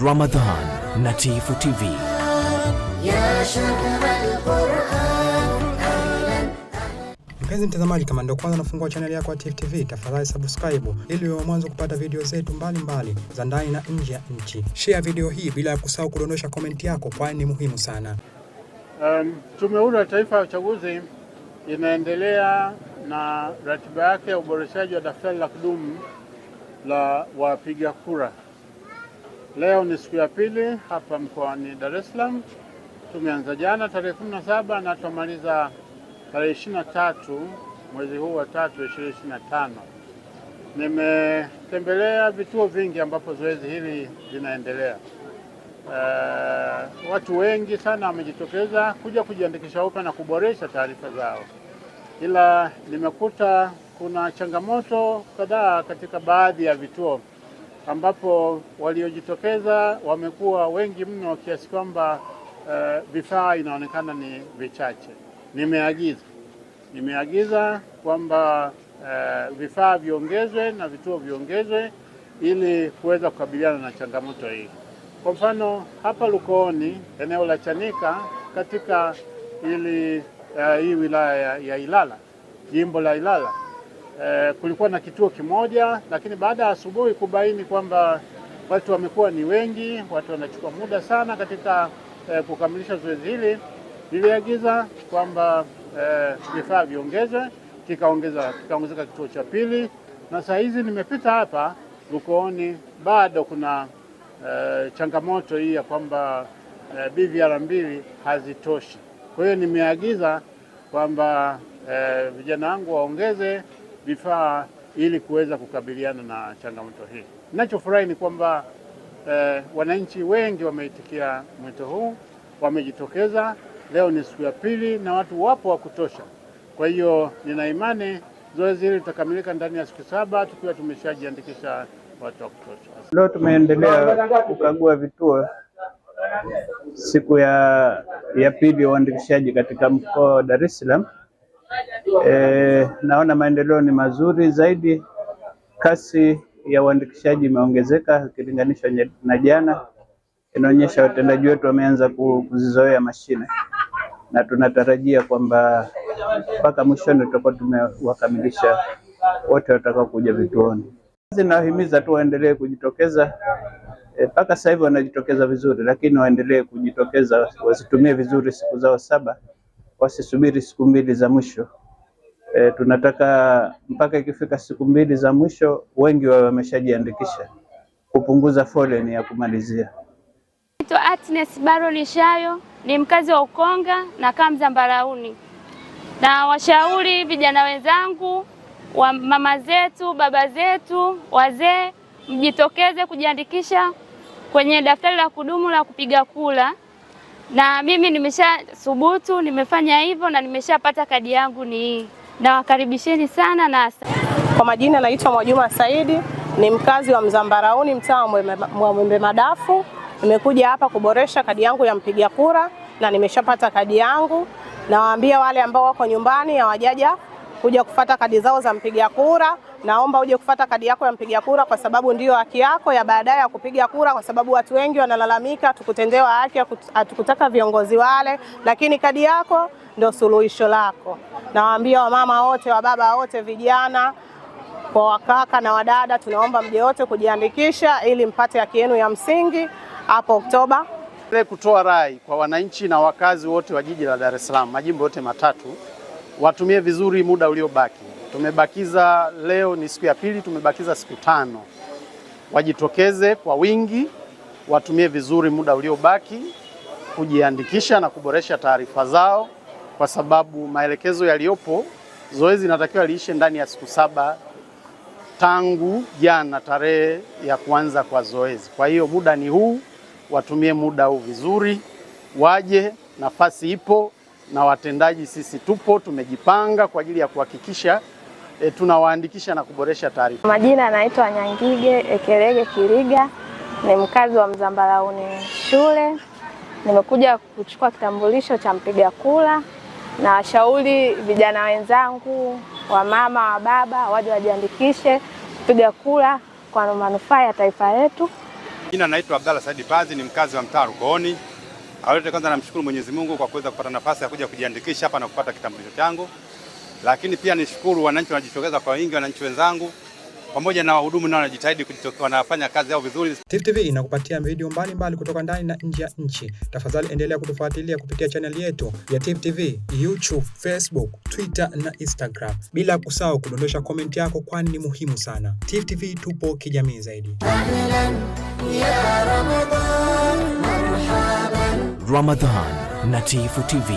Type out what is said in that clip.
Ramadan na Tifu TV. Mpenzi mtazamaji, kama ndio kwanza nafungua chaneli yako ya Tifu TV, tafadhali subscribe ili uwe mwanzo kupata video zetu mbalimbali za ndani na nje ya nchi. Share video hii bila ya kusahau kudondosha komenti yako, kwani ni muhimu sana. Um, Tume Huru ya Taifa ya Uchaguzi inaendelea na ratiba yake ya uboreshaji wa daftari la kudumu la wapiga kura. Leo ni siku ya pili hapa mkoani Dar es Salaam. Tumeanza jana tarehe 17 na tumaliza tarehe 23 mwezi huu wa tatu 2025. Nimetembelea vituo vingi ambapo zoezi hili linaendelea. Uh, watu wengi sana wamejitokeza kuja kujiandikisha upya na kuboresha taarifa zao, ila nimekuta kuna changamoto kadhaa katika baadhi ya vituo ambapo waliojitokeza wamekuwa wengi mno kiasi kwamba uh, vifaa inaonekana ni vichache. Nimeagiza nimeagiza kwamba uh, vifaa viongezwe na vituo viongezwe ili kuweza kukabiliana na changamoto hii. Kwa mfano hapa Lukooni, eneo la Chanika katika ili uh, hii wilaya ya Ilala, jimbo la Ilala e, kulikuwa na kituo kimoja, lakini baada ya asubuhi kubaini kwamba watu wamekuwa ni wengi, watu wanachukua muda sana katika e, kukamilisha zoezi hili, niliagiza kwamba eh, vifaa e, viongezwe, kikaongeza kikaongezeka kituo cha pili, na saa hizi nimepita hapa Lukooni bado kuna e, changamoto hii ya kwamba e, BVR mbili hazitoshi. Kwa hiyo nimeagiza kwamba e, vijana wangu waongeze vifaa ili kuweza kukabiliana na changamoto hii. Ninachofurahi ni kwamba eh, wananchi wengi wameitikia mwito huu, wamejitokeza. Leo ni siku ya pili na watu wapo wa kutosha. Kwa hiyo nina imani zoezi hili litakamilika ndani ya siku saba tukiwa tumeshajiandikisha watu wa kutosha. Leo tumeendelea kukagua vituo siku ya, ya pili ya uandikishaji katika mkoa wa Dar es Salaam. E, naona maendeleo ni mazuri zaidi. Kasi ya uandikishaji imeongezeka ikilinganishwa na jana, inaonyesha watendaji wetu wameanza kuzizoea mashine na tunatarajia kwamba mpaka mwishoni tutakuwa tumewakamilisha wote watakao kuja vituoni. Zinawahimiza tu waendelee kujitokeza eh, mpaka e, sasa hivi wanajitokeza vizuri, lakini waendelee kujitokeza, wasitumie vizuri siku zao saba wasisubiri siku mbili za mwisho. E, tunataka mpaka ikifika siku mbili za mwisho wengi wao wameshajiandikisha kupunguza foleni ya kumalizia. Naitwa Atnes Baroni Shayo, ni mkazi wa Ukonga na kaa Mzambalauni, na washauri vijana wenzangu wa mama zetu, baba zetu, wazee mjitokeze kujiandikisha kwenye daftari la kudumu la kupiga kura na mimi nimesha thubutu, nimefanya hivyo na nimeshapata kadi yangu ni hii. Nawakaribisheni sana na kwa majina naitwa Mwajuma Saidi, ni mkazi wa Mzambarauni, mtaa wa Mwembe Madafu. Nimekuja hapa kuboresha kadi yangu ya mpiga kura na nimeshapata kadi yangu. Nawaambia wale ambao wako nyumbani hawajaja kuja kufata kadi zao za mpiga kura naomba uje kufata kadi yako ya mpiga kura, kwa sababu ndiyo haki yako ya baadaye ya kupiga kura, kwa sababu watu wengi wanalalamika, tukutendewa haki, hatukutaka viongozi wale, lakini kadi yako ndio suluhisho lako. Nawaambia wamama wote, wababa wote, vijana kwa wakaka na wadada, tunaomba mje wote kujiandikisha ili mpate haki yenu ya msingi hapo Oktoba. Kutoa rai kwa wananchi na wakazi wote wa jiji la Dar es Salaam, majimbo yote matatu, watumie vizuri muda uliobaki. Tumebakiza, leo ni siku ya pili, tumebakiza siku tano. Wajitokeze kwa wingi, watumie vizuri muda uliobaki kujiandikisha na kuboresha taarifa zao, kwa sababu maelekezo yaliyopo, zoezi linatakiwa liishe ndani ya siku saba tangu jana, tarehe ya kuanza kwa zoezi. Kwa hiyo muda ni huu, watumie muda huu vizuri, waje, nafasi ipo na watendaji sisi tupo, tumejipanga kwa ajili ya kuhakikisha e, tunawaandikisha na kuboresha taarifa. Majina anaitwa Nyangige Ekelege Kiriga, ni mkazi wa Mzambalauni shule. Nimekuja kuchukua kitambulisho cha mpiga kura na washauri vijana wenzangu wa mama wa baba waje wajiandikishe kupiga kura kwa manufaa ya taifa letu. Jina naitwa Abdalla Saidi Pazi, ni mkazi wa mtaa Rukooni. Awali kwanza namshukuru Mwenyezi Mungu kwa kuweza kupata nafasi ya kuja kujiandikisha hapa na kupata kitambulisho changu. Lakini pia nishukuru wananchi wanajitokeza kwa wingi, wananchi wenzangu pamoja na wahudumu nao wanajitahidi wanafanya kazi yao vizuri. Tifu TV inakupatia video mbalimbali mbali kutoka ndani na nje ya nchi. Tafadhali endelea kutufuatilia kupitia chaneli yetu ya Tifu TV, YouTube, Facebook, Twitter na Instagram, bila kusahau kudondosha komenti yako, kwani ni muhimu sana. Tifu TV tupo kijamii zaidi. Ramadhan na Tifu TV.